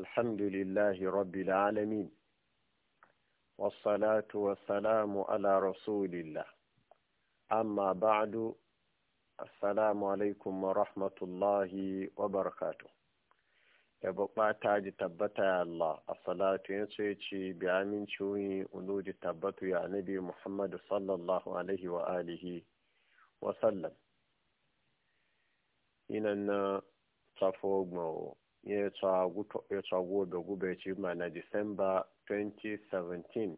الحمد لله رب العالمين والصلاة والسلام على رسول الله أما بعد السلام عليكم ورحمة الله وبركاته يبقى تاج تبتا يا الله الصلاة ينسيتي بأمين شوي أنود تبتا يا نبي محمد صلى الله عليه وآله وسلم إن صفوق ya tsago da gube ci mana Disamba 2017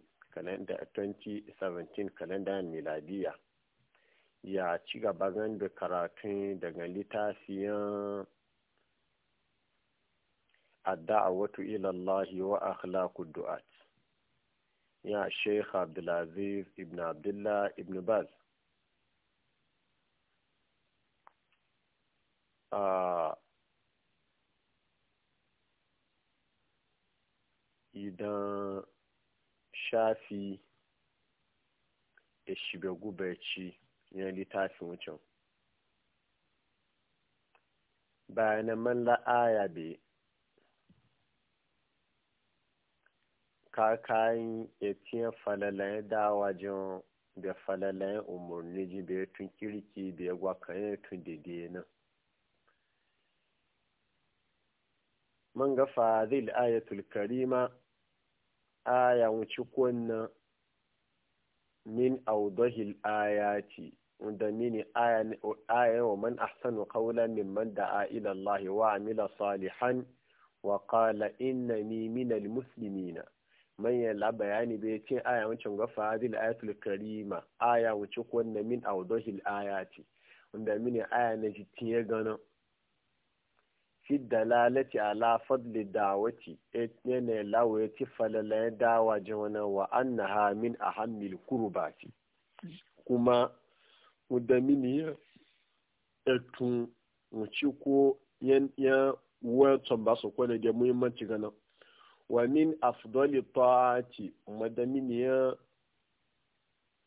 kalendar miladiya ya ci gaba da karatun daga littafiyan adda'awatu ilallahi wa akhlaqud du'at ya Sheikh Abdulaziz ibn Abdullah ibn Baz a ah, idan shafi da shiga gubaci na littafin wucin bayanan man la'aya be kakayin etiyan falalayen jin da falalayen umarni ji da ya tun kirki da ya tun daidai nan من ga fadil الآية karima aya wuce kwanna min audahil ce, da mini aya wa man ahsanu qawlan mimman da'a ila Allah wa amila salihan wa qala innani minal muslimina man la bayani bai ce aya wucin ga fadil ayatul karima aya wuce kwanna min audahil ce, da mini aya na ya gano. fi dalalati ala fadli dawati yana lawo ya ci falala dawa jawana wa an na annaha min ahammil kurubati kuma mudamini etun ci ko ya wacan ba su kwane da muhimmanci gana wa min afdali ta'ati mini ya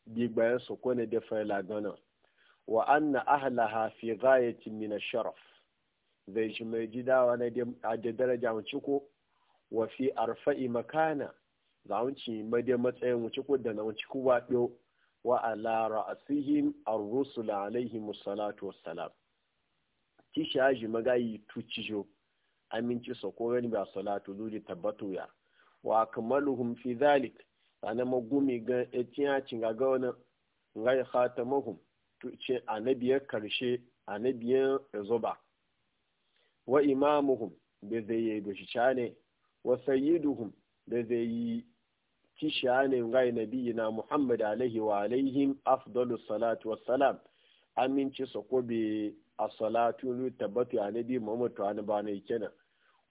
bigbayan su kwane da fayla gana wa an na ahalaha fi ghayatin mina sharaf zai shi mai gidawa na da daraja wuce ko wa fi arfa'i makana za mu ci mai matsayin wuce ko da na mu ciko wa ɗo wa ala ra'asihim ar alaihi musallatu wassalam kishi haji magayi jo aminci gani ba salatu luri tabbatu ya wa akmaluhum fi zalik ana magumi ga etiya cinga ga wannan ngai a tuce biyar karshe biyar zuba wa imamuhum da zai yi doshi cane wa sayyiduhum da zai yi kishiya ne ga nabiyina na muhammad alaihi wa alaihim afdalu salatu wassalam aminci sa ko be a salatu tabbatu ya nabi muhammad to an bana kenan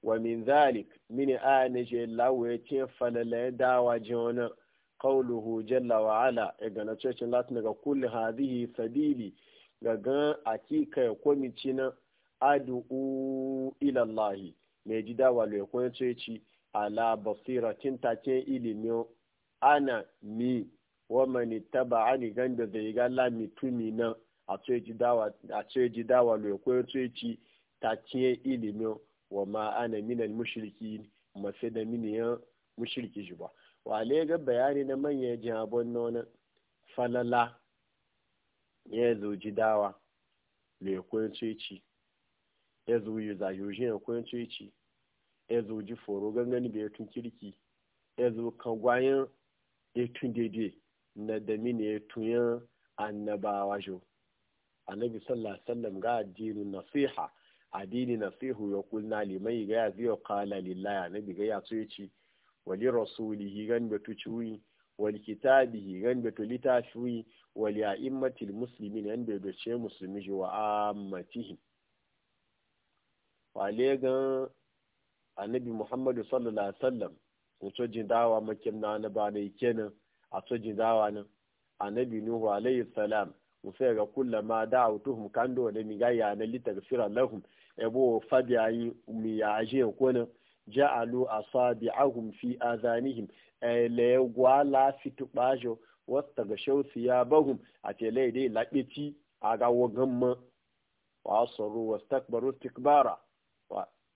wa min zalik min ayana je lawo ya ce falala dawa jona qawluhu jalla wa ala e ga cece latin daga kulli hadhihi sabili ga ga akika ya komici na adu'u ila Allah mai ji dawa le kun ce ci ala basiratin take ilimi ana mi wa taba taba'ani ganda da ga la mitumi na a ce ji dawa a ce ji dawa le kun ce take ilimi wa ma ana minal mushrikin mafi da miniyan mushriki shi ba wale ga bayani na manyan jabon nona falala ya zo ji dawa lekun ya yi wajen ya kwen ceci ezu ji foro gangan bai tun kirki ezu kan gwayan tun daidai na da mini etun yan annabawa jo annabi sallallahu alaihi wasallam ga addini nasiha addini nasihu ya kulna liman ga ya zai kala lillahi annabi ga ya ceci wali rasulihi gan batu ciwi wali kitabihi gan batu litafi wali a'immatil muslimin yan bai doce musulmi wa ammatihim wale gan annabi muhammadu sallallahu alaihi wasallam wato dawa makin na na bana kenan a to dawa nan annabi nuhu alaihi salam sai ga kullama da'awtuhum kando da mi ga ya na litagfira lahum ebo fabiyayi mi ya aje ko nan ja'alu asabi'ahum fi azanihim eh, le gwala fitubajo wasta ga shausi ya bahum a tele dai labeci a ga wagan ma wa wastakbaru tikbara.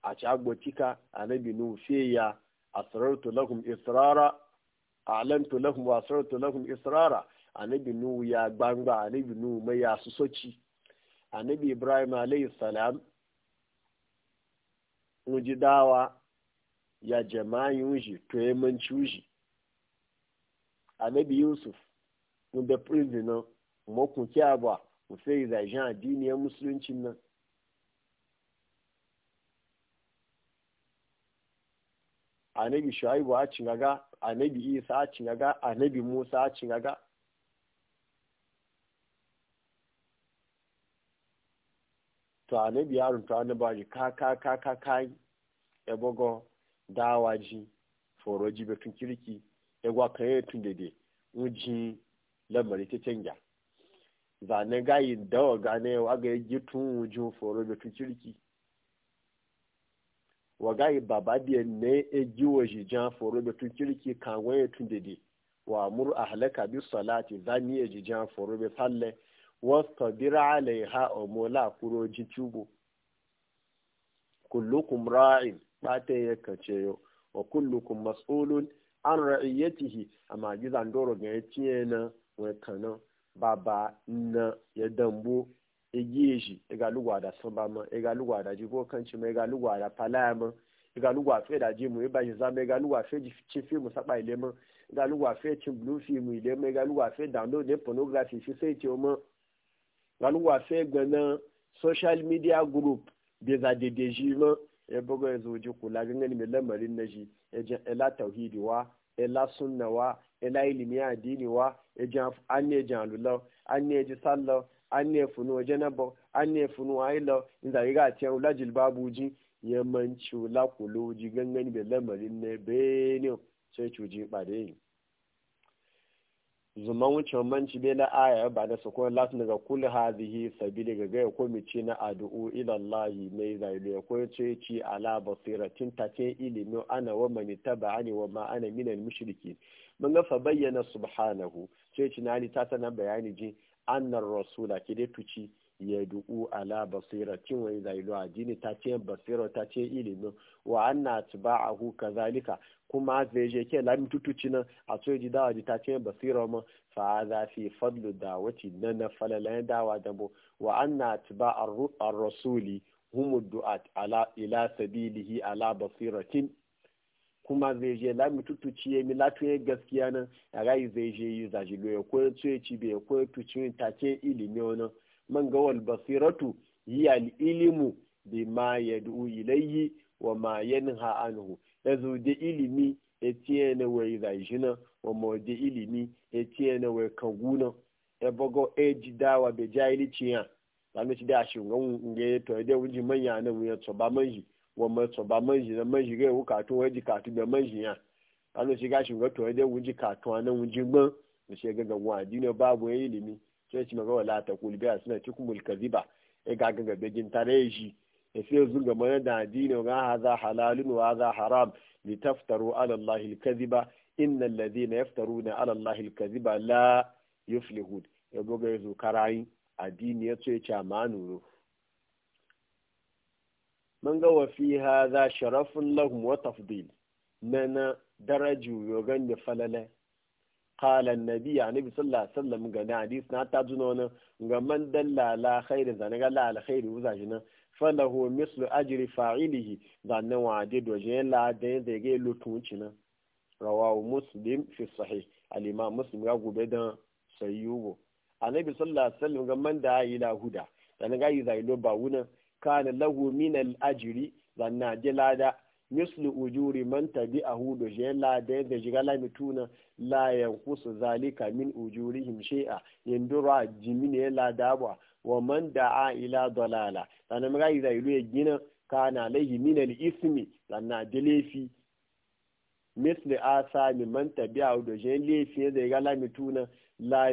a ci agbotika annabi nu fe ya asrartu lakum israra alamtu lakum wa asrartu lakum israra annabi nu ya gbangba annabi nu mai ya su soci bi ibrahim alayhi salam ji dawa ya jama'in uji to ya manci uji a yusuf bi da prison nan mokun kun kya mu sai da jan addiniyar musulunci nan annabi shuaibu a cingaga annabi isa a cingaga annabi musa a cingaga to annabi yaron to annabi ka ka ka ka kai ebogo dawaji foroji betun kirki egwa kare tun dede uji lamari ta canja zane gayi dawa gane wa ga yi tun wujin foro betun kirki waga yi baba biyan ne e jiwo shi jan foro be tun kirki kan wani tun dede wa mur ahlaka bi salati zani e ji foro be falle wastabir ha o mola kuro ji tubo kullukum ra'in bata ya kace yo wa kullukum mas'ulun an ra'iyatihi amma gizan doro ga yace na wai kanan baba na ya dambo egiye shi iga lugwa da samba ma iga lugwa da jibo kanci ma iga lugwa da palaya ma iga lugwa fe da jimu zama iga lugwa fe ci fi mu saba ile ma iga lugwa fe ci blue fi mu ile ma iga lugwa fe download ne pornography fi sai ti o ma iga lugwa fe social media group da za dede shi ma ya bugu ya zo ji kula gangan mai lamarin na shi ya ji ila tauhidi wa ila sunna wa addini wa ya ji an ne ji an ne an ne funu janaba an ne funu aila inda riga ce la jilbabu ji yamanci la kulu ji gangan be lamarin ne be ne sai cuji bare yi zuman wucin manci be na aya ba da su kuma lati daga kulli hazihi sabi ga gaya ko mice na addu'u ilallahi mai zailu ko ce ci ala basiratin take ilimi ana wa taba ani wa ma ana minan mushrikin mun ga fa bayyana subhanahu ce ci na ni ta tana bayani ji annar rasula ke dai tuci ya du'u ala basira cin wani zailu addini ta ce basira ta ce ilimin wa anna tuba'ahu kazalika kuma zai je ke lamin tutuci nan a so ji dawa ji ta ce basira ma fa za fi fadlu dawati na na falalayen dawa dabo wa anna tiba'ar rasuli humu du'at ala ila sabilihi ala basiratin kuma zai je lami tutuci ya mi latuye gaskiya nan a rayu zai je yi zaji lo ya koyar tuye ci bai koyar tuci take ilimi wani man wal basiratu yi al ilimu bi ma ya du'u ilayhi wa ma yanha anhu ya zo de ilimi ya tiye na wai zaji na wa ma de ilimi ya tiye na wai kaguna ya bago e ji dawa bai ci ya lami ci da shi ngan nge to da wuji manya nan ya ba manji wo ma tso ba ma zi na ma zi ge wo ka to wedi ka to be ma zi shiga shi ngoto wedi wo ji ka to ana wo ji gbon shi ga ga wa di no ba bo e yi limi to e shi ma ga wala ta kul biya suna ti kumul kadiba e ga ga ga be jin tare e shi e sai zun ga ma na da di no ga ha za halalun wa za haram li taftaru ala allah al kadiba inna alladhina yaftaruna ala allah al kadiba la yuflihun e go ga zu karai addini ya ce ce amanu man ga wa fi za sharafin lahum wa tafdil nana daraju yo da falale qala annabi annabi sallallahu alaihi wasallam ga na hadis na ta juna wannan ga man dalla la khairin zan ga la alkhairi uza jina falahu mislu ajri fa'ilihi zan wa de doje la de de ge lutun cina rawahu muslim fi sahih al imam muslim ga gobe dan sayyubo annabi sallallahu alaihi wasallam ga man da ila huda dan ga yi zailo ba wunan kana lahu min al-ajri zanna jilada mislu ujuri man tabi'ahu do je de da jiga mituna la yanqusu zalika min ujurihim shay'a yindura jimine lada ba wa man da'a ila dalala dan maga iza yulu yina gina kana lahi min al-ismi zanna jilefi misli asami man tabi'ahu do je lefi da mituna la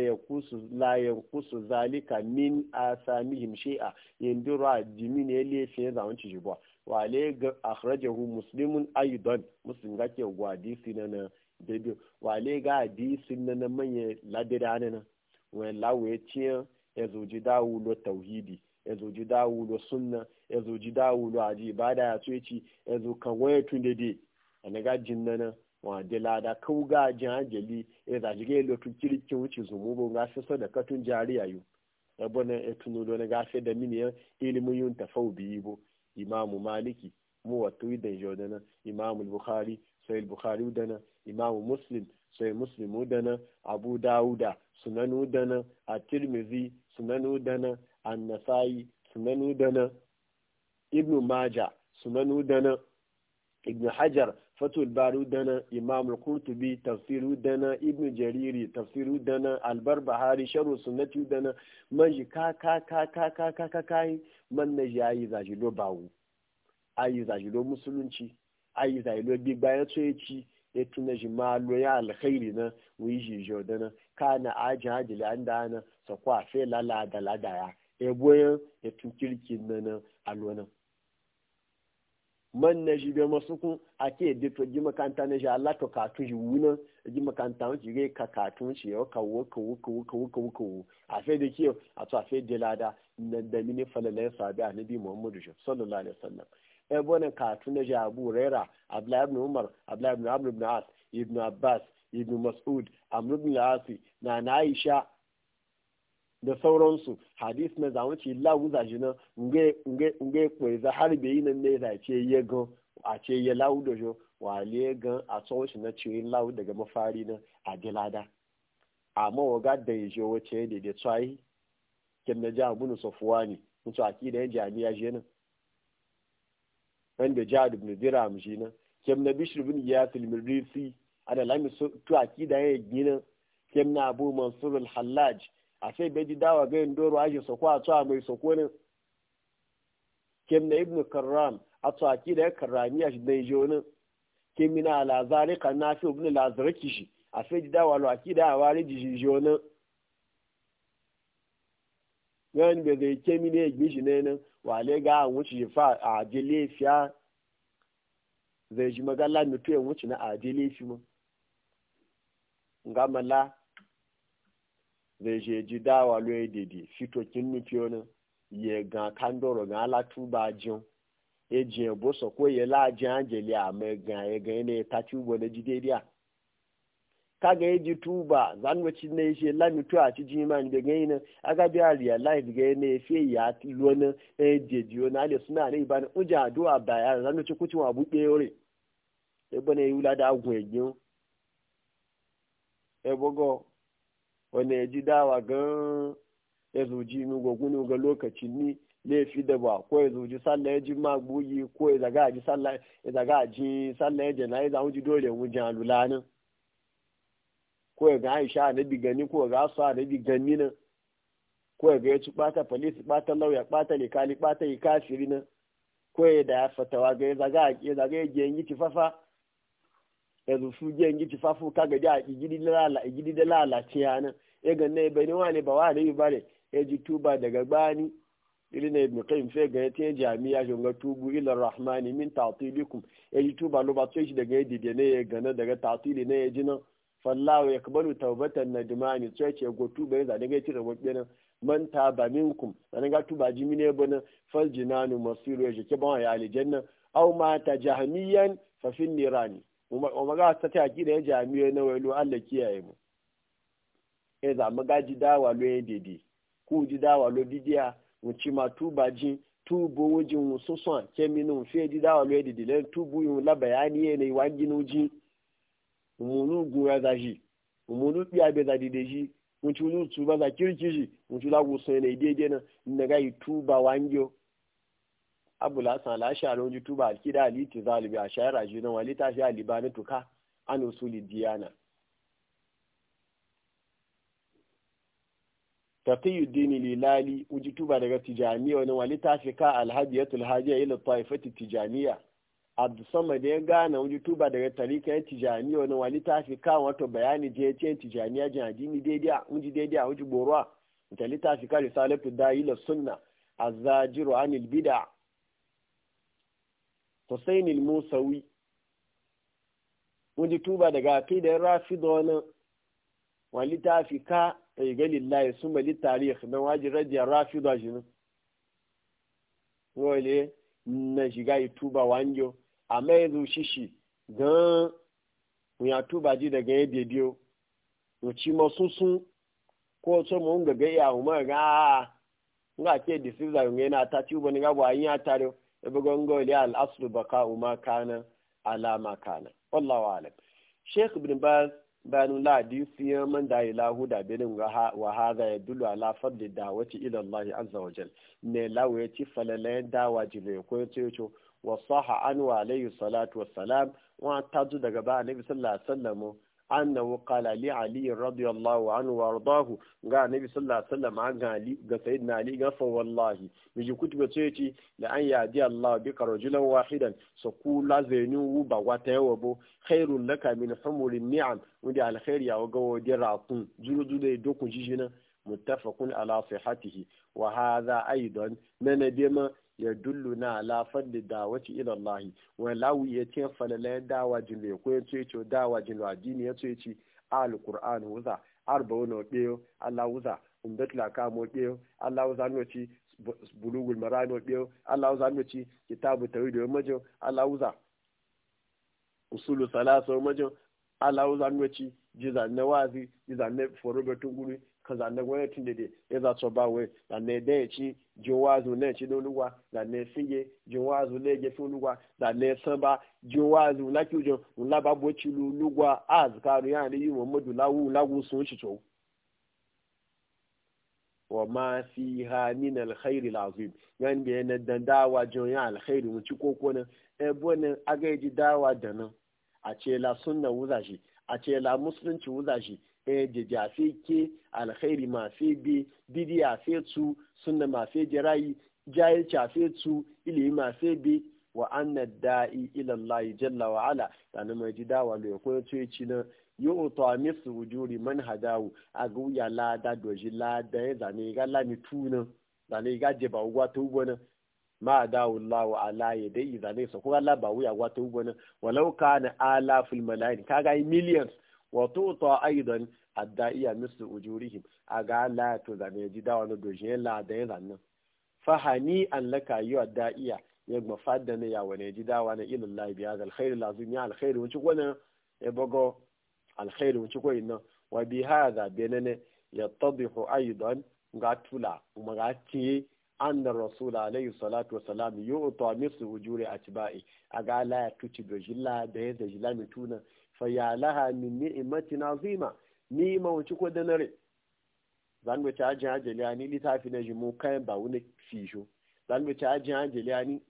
kusu zalika min a sami asamihim shay'a yandura jimin ya lefe ya zaun ci jibwa wale ga hu muslimun aidan muslim ga ke disi na na wa le ga hadisi na na manye ladira na na wani lawe ciyan ya zoji dawulo tauhidi ya zoji dawulo sunna ya zoji dawulo aji ibada ya tsoci ya zo kan tun da a na ga na na wade lada kauga jajali e za jige lotu kirkin wuce zumu bo ga sassa da katun jariya yu yabo na etuno do ga fe da mini ilimin yun tafau biyu bo imamu maliki mu watu da na imamu bukhari sai bukhari udana imamu muslim sai muslim udana abu dawuda sunan udana at-tirmidhi sunan udana an-nasai sunan udana ibnu maja sunan udana ibnu hajar fatul baru dana imam qurtubi tafsiru dana ibn jariri tafsiru dana albar bahari sharu sunnati dana maji ka ka ka ka ka ka ka kai man na yayi zaji do bawo ayi zaji do musulunci ayi zaji do bi bayan tsoyeci ya tuna ji ma lo ya alkhairi na wi shi jodana kana ajin hajili an ana sakwa fe lala da ladaya ya boyan ya tun kirkin na na man na jibe masu kun a ke da ji makanta na ji Allah to katu ji wuna ji makanta wuce gai ka katu ce yau ka wo ka wo ka wo ka wo a fe da kiyo a to a fe da lada na da mini falala ya sabi a nabi muhammadu sallallahu alaihi wasallam e bonan katu na ji abu Raira abdullahi ibn umar abdullahi ibn amr ibn as ibn abbas ibn mas'ud amr ibn al-asi na na aisha da sauransu hadis na zamanci lawu zaji na nge za har yi nan ne da ce ya gan a ce ya lawu da shi le gan a tsawon shi na ce lawu daga mafari na a dilada amma waga da ya je wace da da tsayi kin na jihar bunu safuwa ne mutu a kida yan ya shi nan wanda jihar ibn diram shi nan kim na bishir bin ya filmin risi ana lamis tu a kida yan gina kim na abu mansur al-hallaj a sai bai ji dawa ga yin doro ake soko a tsawa mai soko ne kim na ibn karram a tsawa ki da karrami a shi da ijo ne kim na lazari kan na fi ibnu lazarki shi a sai ji dawa lo ki da a wari ji shi ijo ne yawon bai zai kemi ne gbi shi ne wa wale ga an wuce fa a jele fiya zai ji magalla mutu ya wuce na a jele fi mu mala zai e e je ji dawa loye dede fitokin nufi na ya ga kandoro ga alatu tuba jin e ebo so ko ya laji anjeli a na ga na ji daidai ka ga eji tuba zan wace ne shi lami to a ciji ga aga bi ga ne ji na uja zan wa ne yula da wanda ya ji dawa gan ya zuji min gwagwunin ga lokacin ni laifi da ba ko ya zuji sallah ya ji magbuyi ko ya zaga ji sallah ya zaga ji sallah ya jana ya zamu ji dole mu jan lulanin ko ya ga Aisha na gani, ko ga Asa na gani nan ko ya ga ya ci bata police bata lauya bata likali bata kafiri nan ko ya da fatawa ga ya zaga ya zaga ya gengi tifafa yanzu su je ngi ci fafu kaga da igidi lala igidi da lala ce yana e ga ne bai wani ba wani bare e ji tuba daga bani ili na ibn qayyim fe ga te jami'a jo ga tubu ila rahmani min ta'tilikum e ji tuba lo ba to shi daga yidi ne e ga na daga ta'tili ne e jina fallahu yaqbalu tawbatan nadmani to ce go tuba yanzu daga tira wabbe nan man taba minkum sanan ga tuba jimi ne bana fal jinanu masiru ya ke ba ya aljanna aw ma tajahmiyan fa fin nirani umaga ta ta gida ya jami'o na wailu Allah kiyaye mu e za mu gaji dawa lo dede ku ji dawa lo bidiya mu ci ma tuba jin tubo wujin mu susun kemi nun fe ji dawa lo dede le tubu yun la bayani ne wa ginu ji mu nu gun ya da ji mu nu bi abe da dede ji mu ci nu tuba da kirkiji mu ci la wusun ne dede na ga yi tuba wanjo abulasan alashari wani tuba alkida aliti zalibi a shayar a jinan wali ta fi na tuka an usuli diyana lilali uji tuba daga tijaniya wani wali ta fi ka alhajiyatul hajiya ila taifati tijaniya da ya gana wani tuba daga tarika ya tijaniya wani wali ta fi ka wato bayani je ce tijaniya jihadini daidai uji daidai a uji boruwa ta littafi ka risalatu da ila sunna azzajiru anil bid'a Hussein al-Musawi wani tuba daga rafi Rafida wani wa littafi ka bai ga lillahi sun bali tarih na waji radiyar Rafida shi nan wale na shiga yi tuba wanjo amma yanzu shishi gan ya tuba ji daga yadda biyo wuci masu sun ko so mun ga ga ya umar ga nga ke disizar yana ta tuba ni ga bo an ya tare ebe gongo li al aslu baka ma kana ala ma kana wallahu alam sheikh ibn baz banu la di siya man da ilahu da binin wa hadha yadullu ala fadli da'wati ila Allah azza wa jal ne lawo yace falala dawa jile ko yace wa saha an wa alayhi salatu wassalam wa tazu daga ba annabi sallallahu alaihi wasallam annahu qala li ali radiyallahu anhu wa ardahu ga annabi sallallahu alaihi wasallam an ga ali ga sayyidina ali ga fa wallahi bi ji kutuba ceci ce la an yadi allah bi karajulan wahidan so ku lazenu zainu wu ba wata yawa bo khairul laka min humurin ni'am al khair ya ga wodi rakun juru juru dokun jijina muttafaqun ala sihhatihi wa hadha aidan nana bima ya dullu na lafan da dawaci ilallahi wani lawu ya ce falalayen dawa jin da ya koyar ce ce dawa jin da dini ya ce ce alkur'an wuza arba'un wa ɗaya allah wuza umdatul akam alawuza ɗaya allah wuza noci bulugul marami wa ɗaya allah wuza noci kitabu tawhid wa majo allah wuza usulu salasa wa majo allah wuza noci jizan na wazi jizan na forobatun guri kaza na gwamnatin da ya za su ba wai da ne da ya ci jiwazu ne ci don da ne singe jiwazu ne ge fi luwa da ne san ba jiwazu la ki ujo la ba bo ci luwa azkaru ya ni mudu lawu lawu sun ci to wa ma fi ha min alkhairi lazim yan bi ne dan dawa jonya alkhairi mu ci koko ne e bo ne aga ji dawa da na. a ce la sunna wuzashi a ce la musulunci wuzashi Eh, jeje ke alkhairi ma bi be a fetu tu sunna ma fe jirayi jahilci a fe tu ilimi ma fe be wa anna da'i ila Allah jalla wa ala tani mai ji dawa lo ko to ci na yi oto a misu wujuri man hadawu a ga wuya lada doji lada ya zane ga lami tuna zane ga jeba ba ugwa ta ugwa na ma dawo Allah wa ala ya dai zane sa ko Allah ba wuya gwa ta ugwa na walau kana ala fil ka kaga millions wato ta aidan adda'iya mislu ujurihim a ga la to zane ji da wani dojin la da yin zannan fahani an laka yi adda'iya ya gba fadda ne ya wani ji da wani ilin la biya da alkhairi lazim ya alkhairi wuce gwanin ya bago alkhairi wuce gwanin nan wa bi hada benene ya tadihu aidan ga tula ga an da salatu wa salam yi utuwa mislu ujuri a tiba'i a ga ya tunan fayalaha min na nazima ni ma wuce ko da nare zan wuce ajiye ajaliya ni litafi na jimu kayan ba wani fisho zan wuce ajiye ajaliya ni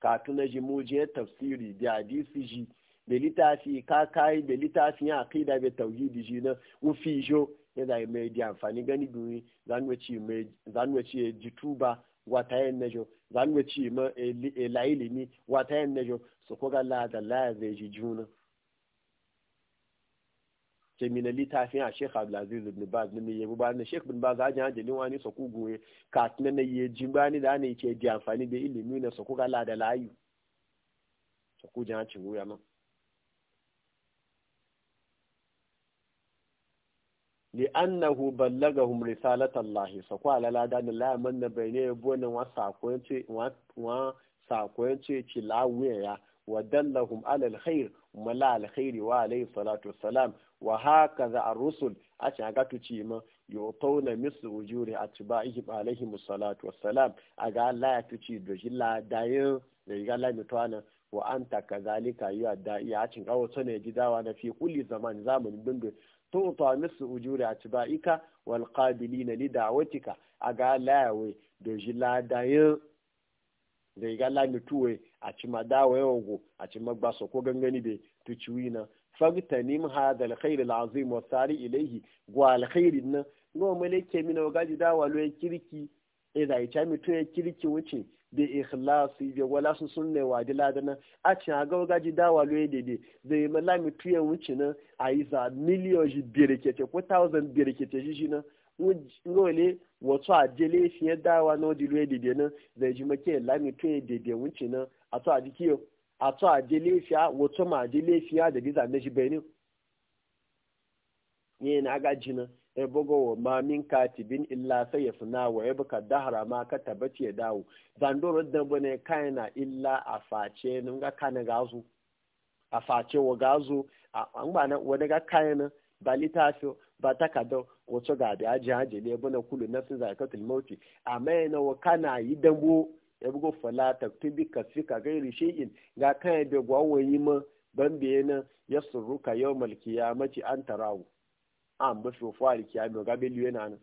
katu na jimu je tafsiri da hadisi ji da litafi ka kai da litafi ya aqida be tauhidi ji na u fisho ya da mai di amfani gani duni zan wuce mai zan wuce wata yin najo za mu ci ma e e la ilimi wata yin najo su ko ga la da la zai ji juna ke mina littafin a Sheikh Abdulaziz ibn Baz ne ya bu ne Sheikh ibn Baz ajin hajjali wani su ku goye ka tuna na yi jin bani da ne ce ji amfani da ilimi ne su ko ga la da layu su ku jan ci goya ma li'annahu ballagahum risalata Allah sa ko alala da la man na bayne yabo wa sakon ce wa sakon ci lawuya ya wa dallahum ala alkhair la alkhairi wa alayhi salatu wassalam wa hakaza ar-rusul a ci aga tuci ma yutawna misu ujuri atba'ihi alayhi salatu wassalam aga Allah ya tuci do jilla dayin da ga la mutwana wa anta kazalika ya da ya cin gawo sane gidawa na fi kulli zaman zamanin dindin tuta musu ujuri a ba'ika wal na li da'watika ga layawe da jila dayin da iga la mituwe a ci ma dawo yawango a ci magbaso ko gangani na tuciwina fagtanim hadha alkhair alazim wa sari ilayhi wa alkhair nan go mele ke mina gaji dawa lo kirki e da ita mituwe kirki wuce da ikhlasi da wala su sunne wa diladana a ci a ga gaji dawa yi dede da yi mala mi tuye wuce na a yi za miliyon shi birkete ko thousand birkete shi shi na ngole wato a jele ya dawa na wadi yi dede na da ji make lami tuye dede wuce na a to a jikiyo a to a jele fiya wato ma jele fiya da giza na shi benin ne na gaji na e bogo wa ma min katibin illa sai ya suna wa ya buka dahara ma ka tabbaci ya dawo zandoro da bane kaina illa a face nun ga kana gazu a face wa gazu an ba na wani ga kaina ba litafi ba kada wato ga da aji haji ne bane na nafsin zakatul mauti amma yana wa kana yi dambo ya bugo fala taktubi kasfika gairi shi'in ga kana da yi ma ban biyana yau malkiya mace an tarawu an ba fi ofu aliki ami ga be liwe nan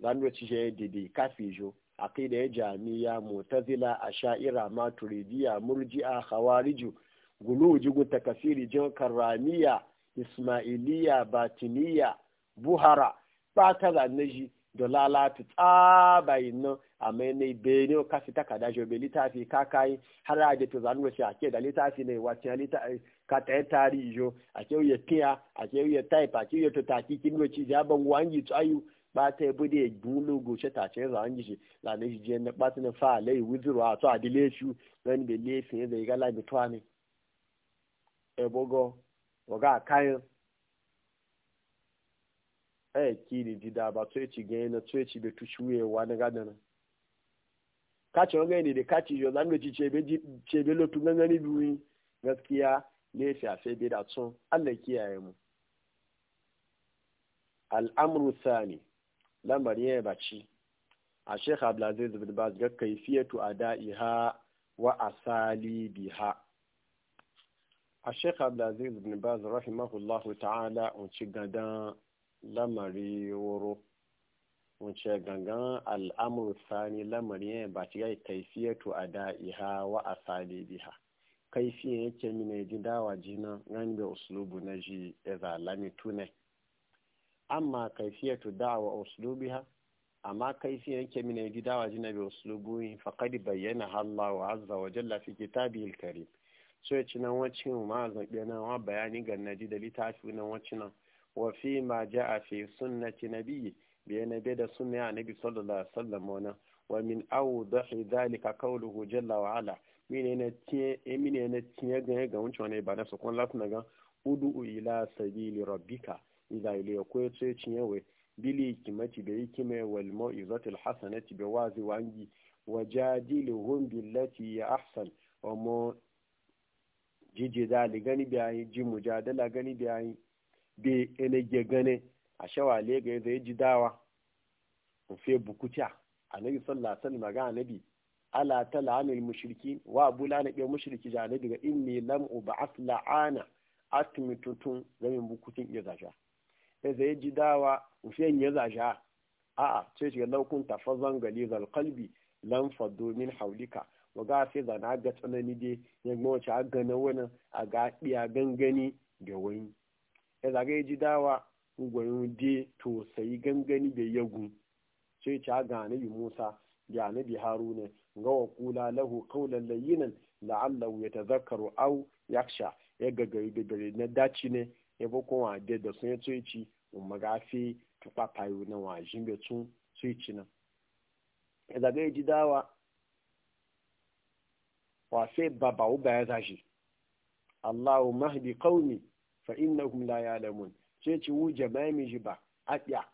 zan do cije dede kafijo aqida ya jami'a mu'tazila asha'ira maturidiya murji'a khawariju guluji gunta kafiri jin karamiya ismailiya batiniya buhara ba ta da naji da lalata tsabayin amma ne be ne ka fita ka dajo be litafi ka kai har a je to zanu wace a ke da litafi ne wace litafi eh, ka ta tari jo a ke ya tiya a ke ya type a ke ya to ta ki kin wace ja ban wangi tsayu ba ta bu de gulu goce ta ce za an gishi la ne je na ba ta na fa lai wuzuru a to adile shu dan be le fi da ga la bi ebogo ne e bogo e eh, kiri dida ba to ci gaina to ci be tushuwe wa na gadana kace wanga ne da kace yo zan da cice be ce be lotu gangani duwi gaskiya ne sha sai be da tsun Allah kiyaye mu al'amru sani lamari ya baci a Sheikh Abdulaziz bin Baz ga kaifiyatu ada'iha wa asali biha a Sheikh Abdulaziz bin Baz rahimahullahu ta'ala un ci gadan lamari woro wuce gangan al'amur sani lamarin ba ci gai kaifiyatu a da'iha wa a Sani biha kaifiyan yake mine ji dawa jina ngani da uslubu na ji eza lami tune amma kaifiyatu dawa ha amma kaifiyan yake mine ji dawa jina bi uslubu faqad bayyana Allah wa azza wa jalla fi kitabihi karim so ya ci nan wacin ma nan wa bayani ga naji da littafi nan wacin nan wa fi ma ja'a fi sunnati nabiyyi biyana bai da sunna ya annabi sallallahu alaihi wasallam wannan wa min awdahi zalika qawluhu jalla wa ala mine ne tie e mine ga ga wancan wannan ibada su kun lafi naga udu ila sabili rabbika idza ila yakwe tie tie we bili kimati bi kime wal mau'izatil hasanati bi wazi wangi wajadiluhum billati ya ahsan wa mu jiji zali gani bi ayi ji mujadala gani bi ayi bi ene je gane a shawale ga ya zai ji dawa fe bukuta annabi sallallahu alaihi wasallam ga annabi ala talanil mushriki wa bula na biyo mushriki ja annabi ga inni lam as la'ana atmitutun zamin bukutin ya zaja ya zai ji dawa fe ya zaja a a ce ce laukun tafazan galizal qalbi lam faddu min hawlika wa ga sai zana ga tsanani dai ya gwace a gana wani a ga ɗiya gangani ga wani ya zaga ya ji dawa gwanin de to sai gangani da yagu sai ta ga annabi Musa da annabi Haruna ga wa kula lahu qawlan layyinan la'allahu yatadhakkaru aw yakhsha ya ga gari da gari na daci ne ya ba wa de da sun yato yaci umma gafe tukwa payo na wa jimbe tun sai ci na ya zaga ya ji dawa wa sai baba uba ya zaji Allahu mahdi qaumi fa innahum la ya'lamun sai ci wu jama'i mi ji ba a ɗiya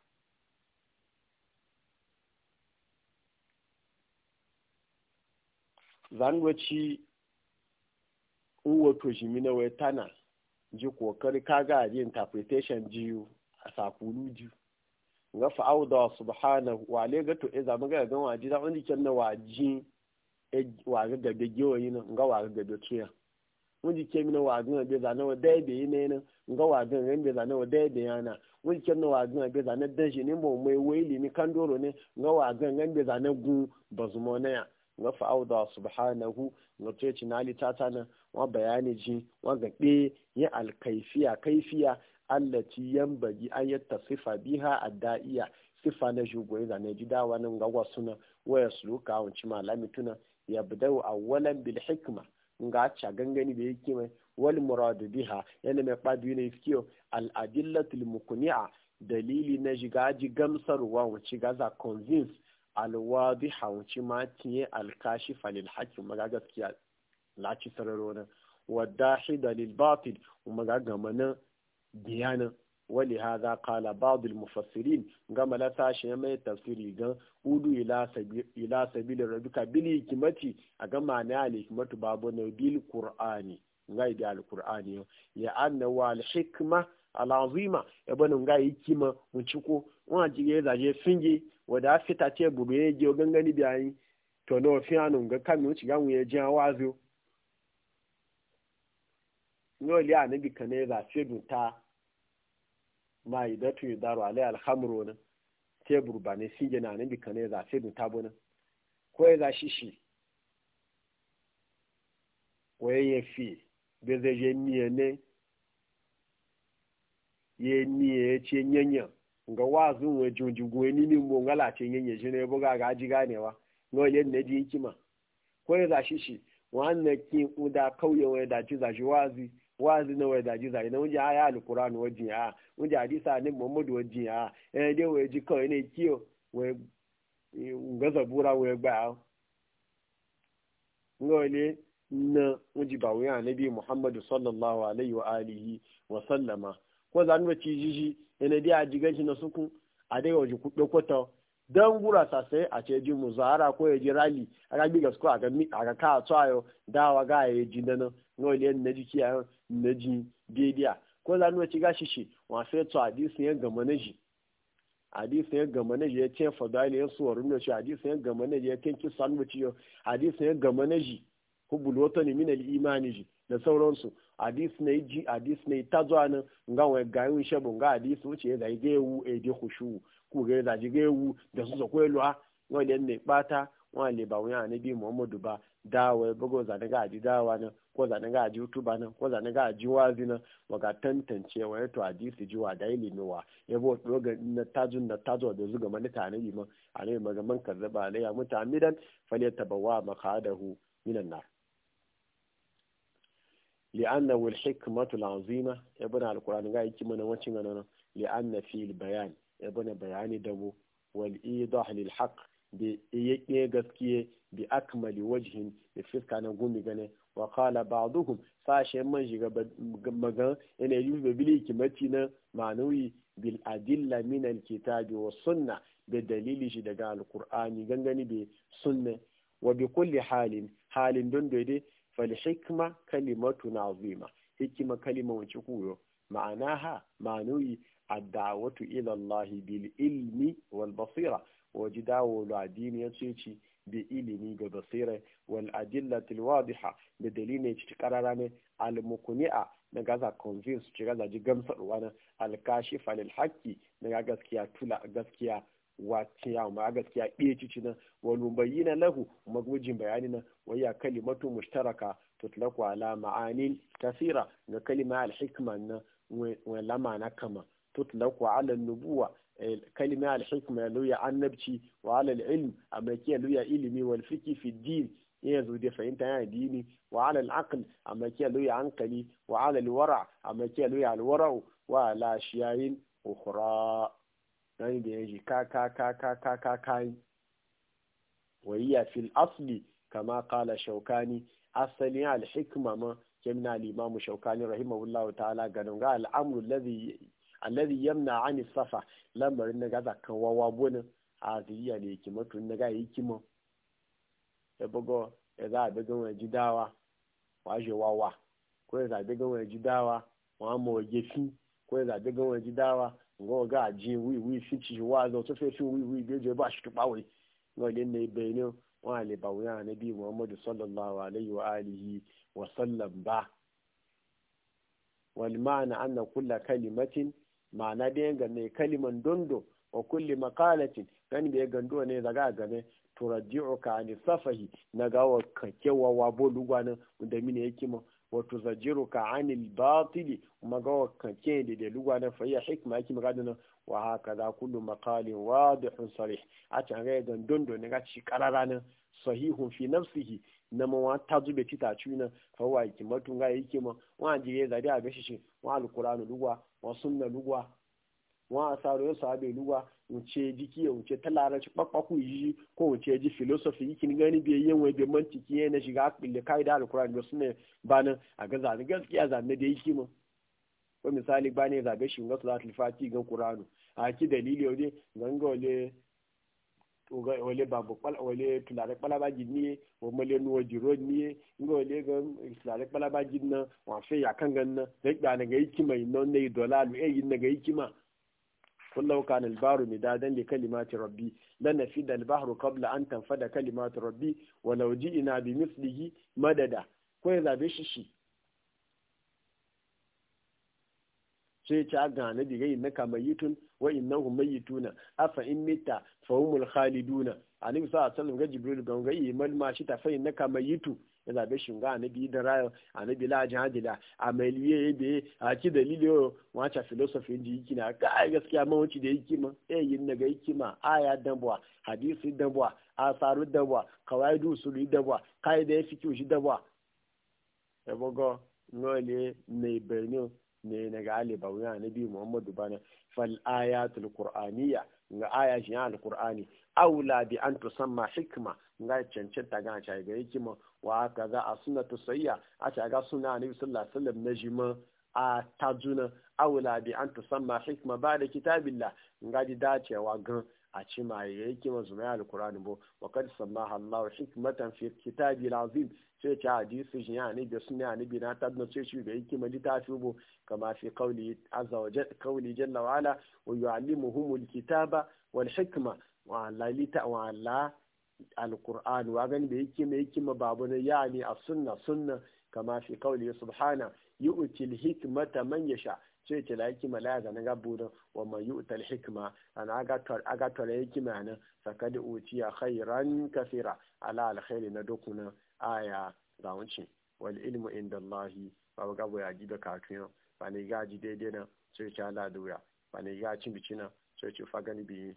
zangwaci uwato shi mina wai tana ji kokari kaga a ji interpretation jiyu a sakulu jiyu nga fa'auda subhana wale ga to e zama ga gan waji da wani kenna waji e wa ga gabe gewayi na nga wa ga gabe tuya wani ke mina wagan abe zane wa dai bai ne nan nga wagan ran bai na wa dai bai yana wani ke mina wagan abe zane dan shi ne mu mai waili ni kan doro ne nga wagan ran bai zane gun bazumo na ya nga fa'auda da su tuci na ali tata na wa bayani ji wa ga be ya alkaifiya kaifiya allati yanbagi an yattasifa a adda'iya sifa na shugo zane ji dawa nan ga wasuna waya suluka wanci malami tuna yabda'u awwalan bil hikma nga gangani be yake mai wal muradu biha yana mai kwadu ne fikiyo al adillatul mukuni'a dalili na jigaji gamsarwa wuce gaza convince al wadiha ma tiye al kashifa hakim maga gaskiya laci sararo na wadahi dalil batil maga gamanin biyanin wali haza kala al mufassirin gama malata shi mai tafsiri gan udu ila sabil rabbika bil hikmati a ga ma'ana al hikmatu babu na bil qur'ani ngai da al qur'ani ya anna wal hikma al azima ya ngai hikma mun ciko wa jige zaje finge wada fita ce bube ya je gangani ayi to no fi anu ga kamin ci gamu ya je wazo no li anabi kane za fi ta ma yi da tu daro alai alhamro na tebur ba ne singe na nan bika za sai dun tabo na ko ya za shi shi ko ya yi fi bai zai je miye ne ye miye ya ce nyanya nga wazin wa junji gwe ni ni mo ngala ce nyanya shi ne buga ga ji wa no yen ne di kima ko ya za shi shi wannan kin uda kauye wa da ji za shi wazi wazi na wa da ji za ina wani ya alkur'ani wajin ya wunji hadisa ne muhammadu waji a ɗaya dai waji kawai ne kiyo gaza bura wai gba ngole na wunji ba wuya annabi muhammadu sallallahu alayhi wa alihi wa sallama ko za nuna ci jiji yana e, a jigan na suku a dai waje don gura sase a ce ji muzara ko ya ji rali aga ga bigas ko a ga ka dawa ga ya ji dana ngole na na ji daidai ko za nuna ciga gashi shi wasu ya tsawo hadisin yan gama na ji yan ya gama ya ce fadali ya suwarin da shi hadisin yan gama na ji ya kenki sanduci yau hadisin yan gama na hubul wata ne minal imani ji da sauransu hadis na ji hadis na ta zuwa nan nga wa ga yi shabu nga hadis wuce ya zai gewu e de khushu ku ga da ji gewu da su zakwai luwa wani ne bata wani ba wani anabi muhammadu ba dawa bugo zane ga adi dawa nan ko zane ga ji youtube nan ko zane ga ji wazi nan wa tantance wa a ji su ji wa da nowa ya bo dogon na tajun na tajo da zuga mani ta ne iman a ne magaman karzaba ne ya muta midan fale taba wa hu minan na li anna wal hikmatu al azima ibn al qur'an ga mana wancin nan li anna fi al bayan bana bayani bu wal idah lil haqq bi yake gaskiye bi akmali wajihin da fiska na gumi gane wa qala ba'duhum sashen man shiga magan yana yi ba bili kimati na Manoyi, bil adilla min al kitabi wa suna. da dalili shi daga alqur'ani gangani be sunna wa bi kulli halin halin don daidai fal kalimatu na azima hikima kalima wace kuyo ha, manoyi. A dawatu ila bil ilmi wal basira waji dawo da dini ya ce bi ilimi ga basira wal adillatil wadiha da dalilin ci karara ne al mukuni'a na gaza convince ci gaza ji ruwa na al kashifa lil haqqi na gaskiya tula gaskiya waciya ma gaskiya ɗaya cici na wani bayyana lahu magujin bayani na waya kalimatu mushtaraka tutlaku ala ma'anin kasira ga kalima al-hikma nan wala ma'ana kama tutlaku ala nubuwa kalima al-hikma luya annabci wa ala al-ilm amma ke luya ilimi wal fiqi fi din ya zo da fahimta ya dini wa ala al-aql amma ke luya hankali wa ala al-wara amma ke luya al wa ala shiyayin ukhra da yaji ka ka ka ka ka ka kai wa hiya fil asli kama qala shaukani asali al-hikma ma kemna al-imam shaukani rahimahullahu ta'ala ganunga ga al-amru alladhi alladhi yamna ani safa lambarin na gaza kan wawa bona a ziyya ne ki mutu na ga yi kimo e bugo e za a gan wani ji dawa wa je wawa ko e za a gan wani ji dawa wa ma waje fi ko e za a gan wani jidawa dawa ngo ga ji wi wi fi ci wa zo to fe fi wi wi be je ba shi tuba wi ngo le ne be ne wa le ba wi bi muhammadu sallallahu alaihi wa alihi wa sallam ba wal ma'ana anna kulla kalimatin ma'ana da yin kaliman dondo a kulle makalatin gani ya gando ne zaga game turajji'u ka ni safahi na gawa kake kyawawa bolu gwanin da mini yake ma wa tuzajiru ka anil batili kuma gawa kake da da lugwanin fa ya kima gani wa haka za kullu maqalin wadihun sare a can ga dondo ne ga ci kararanin sahihun fi nafsihi na ma wa ta zube ci ta cuna ya wa yake matun ga ma wa jire zari a gashi shi wa alqur'anu lugwa wasun na lugwa wọn a sáré yóò sábẹ lugwa wuce ji kiyo wuce ta larabci kpakpaku yi ko wuce ji filosofi yi kin gani bai yin wai bai mantiki yana shiga kille kai da alkurani wasu ne banin a ga zane gaskiya zane da yi kima ko misali ne zabe shi ga salatul fati ga qur'anu a ki dalili wale ganga wale wale babu kwal wale tulare kwalaba jinni wa male nuwa jiro ni islamic balaba jinna wa fe ya kan ganna da ga na ga mai inno ne dolalu e eh yin na ga ma kullu kana albaru midadan li kalimati rabbi lan nafida bahru qabla an tanfada kalimati rabbi wa law ji'na bi mislihi madada ko ya zabe shi shi sai ta gane da inna kama mayitun wa innahum mayituna afa in mita fa humul khaliduna annabi sallallahu alaihi wasallam ga jibril ga ga imal ma shi ta fa inna kama ya zabe shunga anabi da rayo anabi la jahadila ameliye be a ci dalili yo wacha philosophy ji yiki na kai gaskiya ma wanci da yiki ma eh yin daga yiki ma aya dabwa hadisi dabwa asaru da kawaidu usuli dabwa kaida ya fiki ushi dabwa ya bogo ngole ne bernu ne na ga ali bawun anabi muhammadu bana fal ayatul qur'aniya ga aya shi alqur'ani aula bi an tusamma hikma ga cancanta ga cha ga hikima wa aka za a suna tusayya a shaga suna annabi sallallahu alaihi wasallam na jima a tajuna awla bi an tusamma hikma ba da kitabillah ngadi dacewa gan a ci ma yake manzumai alkurani bo wa kad samma Allah hikmatan fi kitabi azim sai ta hadisi jin ya ne da a ne bi na tabna sai shi da yake mali ta bo kama fi qawli azza wa jalla qawli jalla wa ala wa yu'allimuhum alkitaba wal hikma wa la li ta wa la alkur'ani wa gani da yake mai hikima babu na ya ne a sunna sunna kama fi kawli subhana yi yu'til hikmata man sha sai ce la hikima la ga na wa man yu'tal hikma an aga tar aga tar hikima nan sakad utiya khairan kafira ala alkhairi na dokuna aya zawunci wal ilmu inda allahi ba gabo ya ji da ba ne gaji daidai na sai ce ala doya ba ne gaji na sai ce fagani biyu.